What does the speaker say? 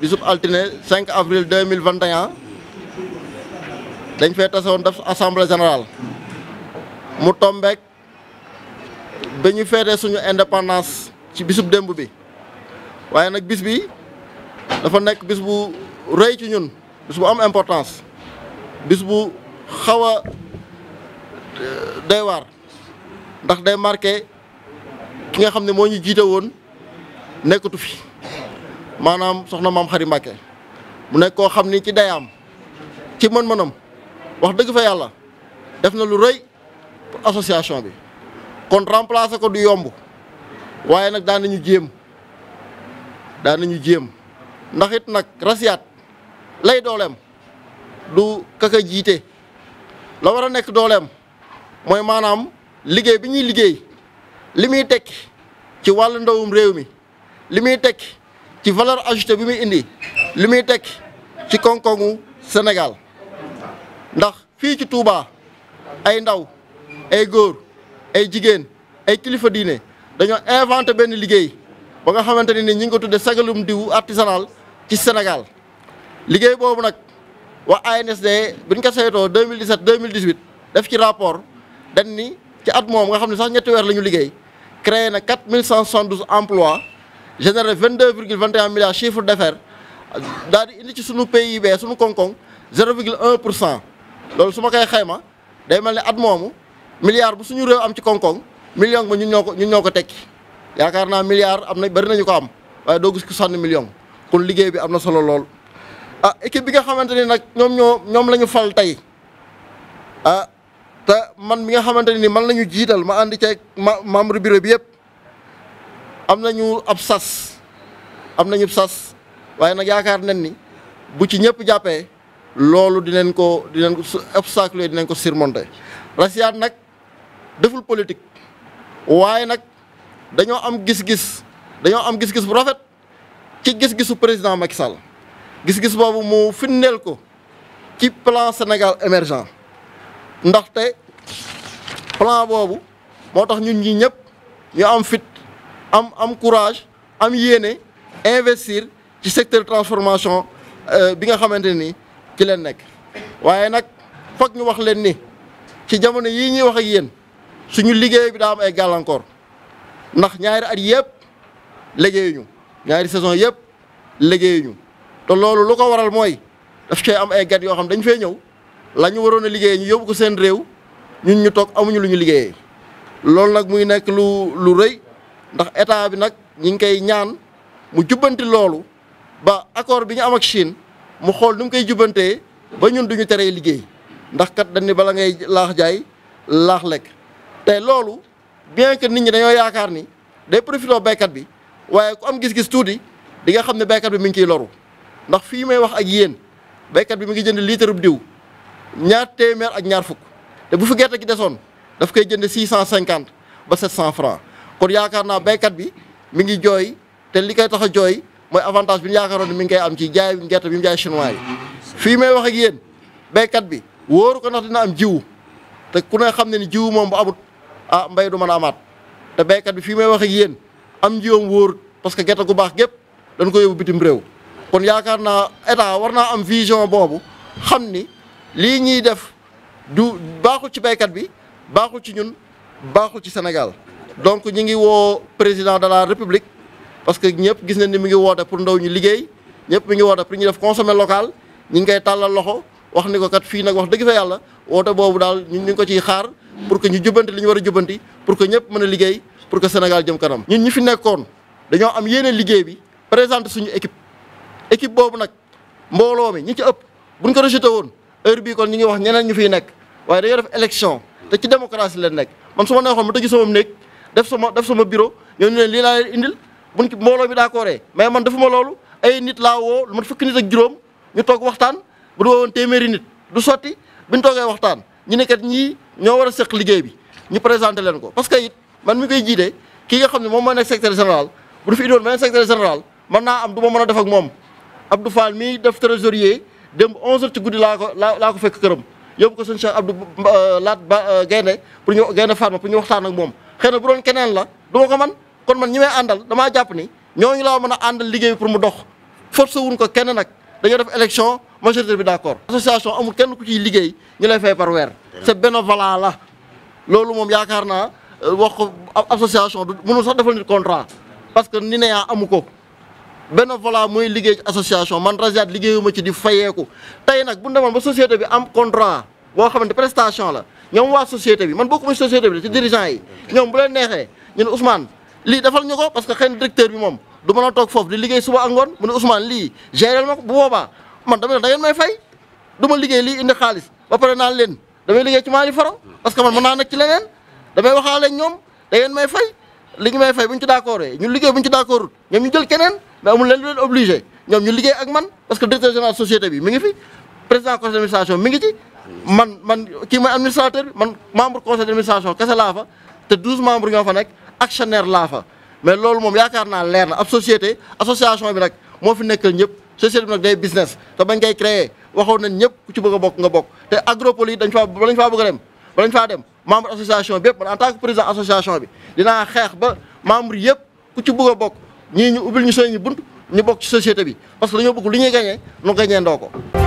bisub altine 5 avril 2021 dañ fee tasewoon def assemblée générale mu tombeek ba ñu feetee suñu indépendance ci bisub démb bi waaye nag bis bi dafa nekk bis bu rëy ci ñun bis bu am importance bis bu xaw a euh, doy waar ndax day marqué ki nga xam ne moo ñu jiite woon nekkatu fi maanaam soxna maam Xari Mbàkke mu nekk koo xam ni ci dayaam ci mën-mënam wax dëgg fa yàlla def na lu rëy pour association bi kon remplacer ko du yomb waaye nag daan nañu jéem daan nañu jéem ndaxit it nag rasiyaat lay dooleem du kaka jiite la war a nekk dooleem mooy maanaam liggéey bi ñuy liggéey li muy tekk ci wàll ndawum réew mi li muy tekki ci valeur ajoutée bi muy indi li muy teg ci koŋ-koŋu ndax fii ci Touba ay ndaw ay góor ay jigéen ay kilifa diine dañoo inventé benn liggéey ba nga xamante ne ni ñu ngi ko tuddee sagalum diw artisanal ci Sénégal liggéey boobu nag waa ANSD bi ñu ko saytoo 2017 2018 def ci rapport dañ ni ci at moom nga xam ne sax ñetti weer la ñu liggéey créé na 4172 emplois généré 22 virgule 21 milliards chiffre d'affaires daal di indi ci sunu PIB sunu koŋ-koŋ 0 virgule 1 pour cent loolu su ma koy xayma day mel ni at moomu milliard bu suñu réew am ci koŋ-koŋ million ba ñun ñoo ko ñun ñoo ko tekki yaakaar naa milliard am na bari nañu ko am waaye doo gis ku sànni million kon liggéey bi am na solo lool. ah équipe bi nga xamante ni nag ñoom ñoo ñoom la ñu fal tey ah te man mi nga xamante ni man la ñu jiital ma àndi ceeg ma membre bureau bi yëpp. am nañu ab sas am nañu sas waaye nag yaakaar nañ ni bu ci ñëpp jàppee loolu di dinañ ko dinañ ko obstacle yooyu dinañ ko surmonter Rasiaat nag deful politique waaye nag dañoo am gis-gis dañoo am gis-gis bu rafet ci gis-gisu président Macky Sall gis-gis boobu mu firndeel ko ci plan Sénégal émergent ndaxte plan boobu moo tax ñu ñi ñëpp ñu am fit am am courage am yéene investir ci secteur transformation euh, bi nga xamante ni ci leen nekk waaye nag foog ñu wax leen ni ci jamono yii ñuy wax ak yéen suñu liggéey bi daa am ay gàllankoor ndax ñaari at yëpp liggéeyuñu ñaari saison yëpp liggéeyuñu te loolu lu ko waral mooy daf cee am ay gat yoo xam dañ fee ñëw la ñu waroon a liggéeyee ñu yóbbu ko seen réew ñun ñu toog amuñu lu ñu liggéeyee loolu nag muy nekk lu lu rëy. ndax état bi nag ñi ngi koy ñaan mu jubbanti loolu ba accord bi ñu am ak Chine mu xool nu mu koy jubbantee ba ñun duñu teree liggéey ndax kat dañ ni bala ngay laax jaay laax lekk te loolu bien que nit ñi dañoo yaakaar ni day profitoo baykat bi waaye ku am gis-gis tuuti di nga xam ne baykat bi mi ngi ciy loru ndax fii may wax ak yéen baykat bi mu ngi jënd litre bu diw ñaar téeméer ak ñaar fukk te bu fi gerte gi desoon daf koy jënd six cent cinquante ba sept cent francs kon yaakaar naa béykat bi mi ngi jooy te li kay tax a jooy mooy avantage bi ñu yaakaaroon ne mi ngi koy am ci jaay gerte bi mu jaay chinois yi fii may wax ak yéen béykat bi wóoru ko ndax dina am jiw te ku ne xam ne ni jiw moom bu amut ah mbay du mën a amaat te béykat bi fii may wax ak yéen am jiwam wóorut parce que gerte gu baax gépp dañ ko yóbbu bitim réew kon yaakaar naa état war naa am vision boobu xam ni lii ñuy def du baaxul ci béykat bi baaxul ci ñun baaxul ci Sénégal donc ñi ngi woo président de la république parce que ñëpp gis nañ ni mu ngi woote pour ndaw ñu liggéey ñëpp mi ngi woote pour ñu def consommer local ñi ngi koy tàllal loxo wax ni ko kat fii nag wax dëgg fa yàlla woote boobu daal ñun ñu ngi ko ciy xaar pour que ñu jubbanti li ñu war a jubbanti pour que ñëpp mën a liggéey pour que Sénégal jëm kanam. ñun ñu fi nekkoon dañoo am yeneen liggéey bi présenter suñu équipe équipe boobu nag mbooloo mi ñu ci ëpp buñ ko rejeté woon heure bii kon ñi ngi wax ñeneen ñu fiy nekk waaye dañoo def élection te ci démocratie leen nekk def sama def sama bureau ñoo ne lii laa leen indil mbooloo mi d'accord mais man defuma loolu ay nit laa woo lu mat fukki nit ak juróom ñu toog waxtaan bu doo woon téeméeri nit du sotti buñ toogee waxtaan ñu ne kat ñii ñoo war a seq liggéey bi ñu présenté leen ko parce que it man mi koy jiite kii nga xam ne moom moo nekk secrétaire général bu fi indiwoon beneen secrétaire général mën naa am du ma mën a def ak moom Abdou Fall mii def trésorier dem 11h guddi laa ko laa laa ko fekk këram yóbbu ko sëñ Cheikh Abdou Laat Ba euh, euh, Gaynde pour ñu Gaynde Fatma pour waxtaan ak xëy na bu doon keneen la du ma ko man kon man ñi may àndal damaa jàpp ni ñooñu laa mën a àndal liggéey pour mu dox forcé wuñ ko kenn nag dañoo def élection majorité bi d'accord association amu kenn ku ciy liggéey ñu lay fay par weer c'est bénévolat la loolu moom yaakaar naa euh, wax ko association du mënul sax defal nit contrat parce que ni yaa amu ko bénévolat mooy liggéey ci association man Rasiat liggéeyuma ci di fayeeku tey nag bu ñu demoon ba société bi am contrat boo xamante prestation la ñoom waa société bi man bokkuma société bi ci dirigeant yi ñoom bu leen neexee ñu ne lii defal ñu ko parce que xëy directeur bi moom du mën a toog foofu di liggéey suba ak ngoon mu ne Ousmane lii gérer ma ko bu boobaa man dama ne da ngeen may fay du ma liggéey lii indi xaalis ba pare naan leen damay liggéey ci Mali Faro parce que man mën naa nekk ci leneen damay waxaale ñoom da fay li ñu may fay bu ñu ci d'accord ñun liggéey bu ñu ci d'accord ñoom liggéey ak man parce que directeur général bi mi ngi fi président conseil d'administration mi ngi ci man man kii mooy administrateur bi man membre conseil d'administration kese laa fa te douze membres ñoo fa nekk actionnaire laa fa mais loolu moom yaakaar naa leer na ab société association bi rek moo fi nekkal ñëpp société bi nag day business te bañ koy créer waxoon nañ ñëpp ku ci bëgg bokk nga bokk te agropole dañ faa balañ faa bëgg a dem balañ faa dem membre association bi yëpp man en tant que président association bi dina xeex ba membre yëpp ku ci bëgg bokk ñii ñu ubbil ñu seen ñi bunt ñu bokk ci société bi parce que dañoo bëgg li ñuy gagné nu gagné ndoo ko